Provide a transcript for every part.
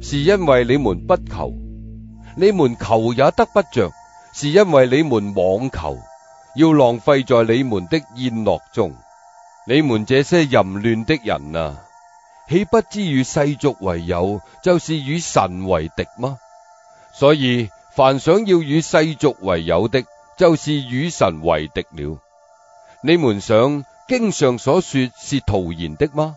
是因為你們不求，你們求也得不着，是因為你們妄求，要浪費在你們的宴樂中。你們這些淫亂的人啊，豈不知與世俗為友，就是與神為敵嗎？所以，凡想要與世俗為友的，就是與神為敵了。你們想經上所說是徒然的嗎？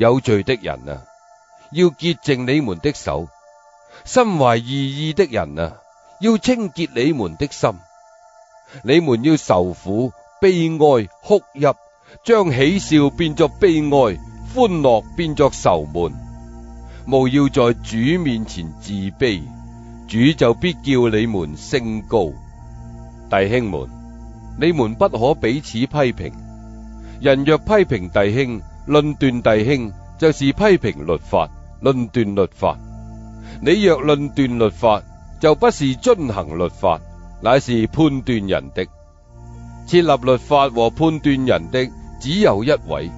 有罪的人啊，要潔淨你們的手；心懷異意的人啊，要清潔你們的心。你們要受苦、悲哀、哭泣，將喜笑變作悲哀，歡樂變作愁悶。務要在主面前自卑，主就必叫你們升高。弟兄們，你們不可彼此批評。人若批評弟兄，論斷弟兄，就是批評律法；論斷律法，你若論斷律法，就不是遵行律法，乃是判斷人的。設立律法和判斷人的只有一位，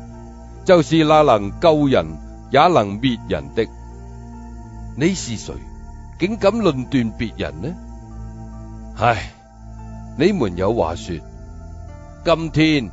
就是那能救人也能滅人的。你是誰？竟敢論斷別人呢？唉，你們有話說，今天。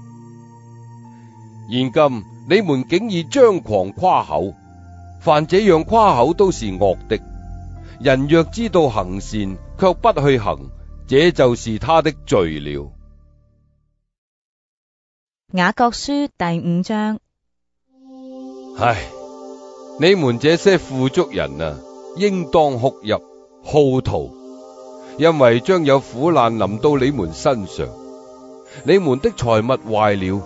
現今你們竟以張狂誇口，凡這樣誇口都是惡的。人若知道行善，卻不去行，這就是他的罪了。雅各書第五章。唉，你們這些富足人啊，應當哭泣號啕，因為將有苦難臨到你們身上。你們的財物壞了。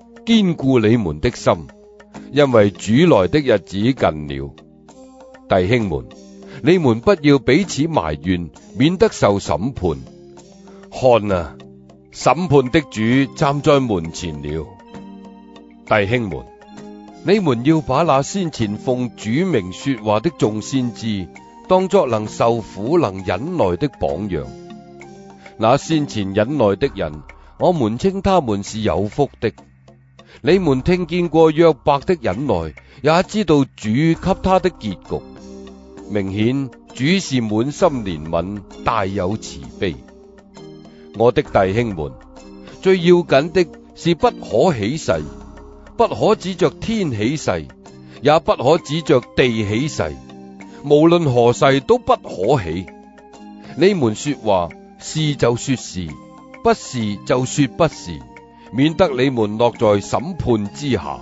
堅固你們的心，因為主來的日子近了。弟兄們，你們不要彼此埋怨，免得受審判。看啊，審判的主站在門前了。弟兄們，你們要把那先前奉主名說話的眾先知，當作能受苦能忍耐的榜樣。那先前忍耐的人，我們稱他們是有福的。你們聽見過約伯的忍耐，也知道主給他的結局。明顯主是滿心憐憫，大有慈悲。我的弟兄們，最要緊的是不可起誓，不可指着天起誓，也不可指着地起誓。無論何誓都不可起。你們說話是就說是，不是就說不是。免得你們落在審判之下。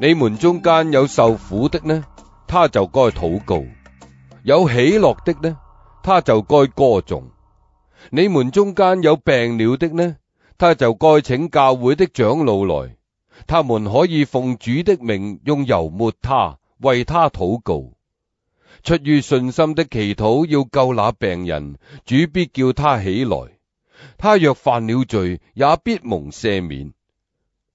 你們中間有受苦的呢，他就該禱告；有喜樂的呢，他就該歌頌。你們中間有病了的呢，他就該請教會的長老來，他們可以奉主的名用油抹他，為他禱告。出於信心的祈禱要救那病人，主必叫他起來。他若犯了罪，也必蒙赦免。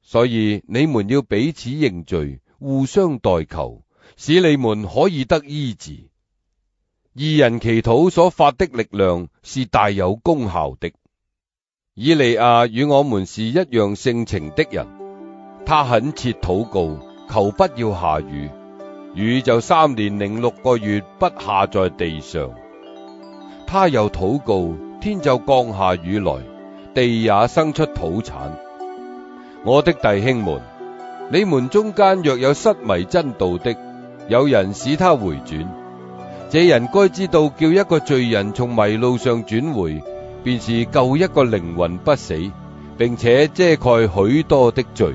所以你們要彼此認罪，互相代求，使你們可以得醫治。二人祈禱所發的力量是大有功效的。以利亞與我們是一樣性情的人，他懇切禱告，求不要下雨，雨就三年零六個月不下在地上。他又禱告。天就降下雨來，地也生出土產。我的弟兄們，你們中間若有失迷真道的，有人使他回轉，這人該知道叫一個罪人從迷路上轉回，便是救一個靈魂不死，並且遮蓋許多的罪。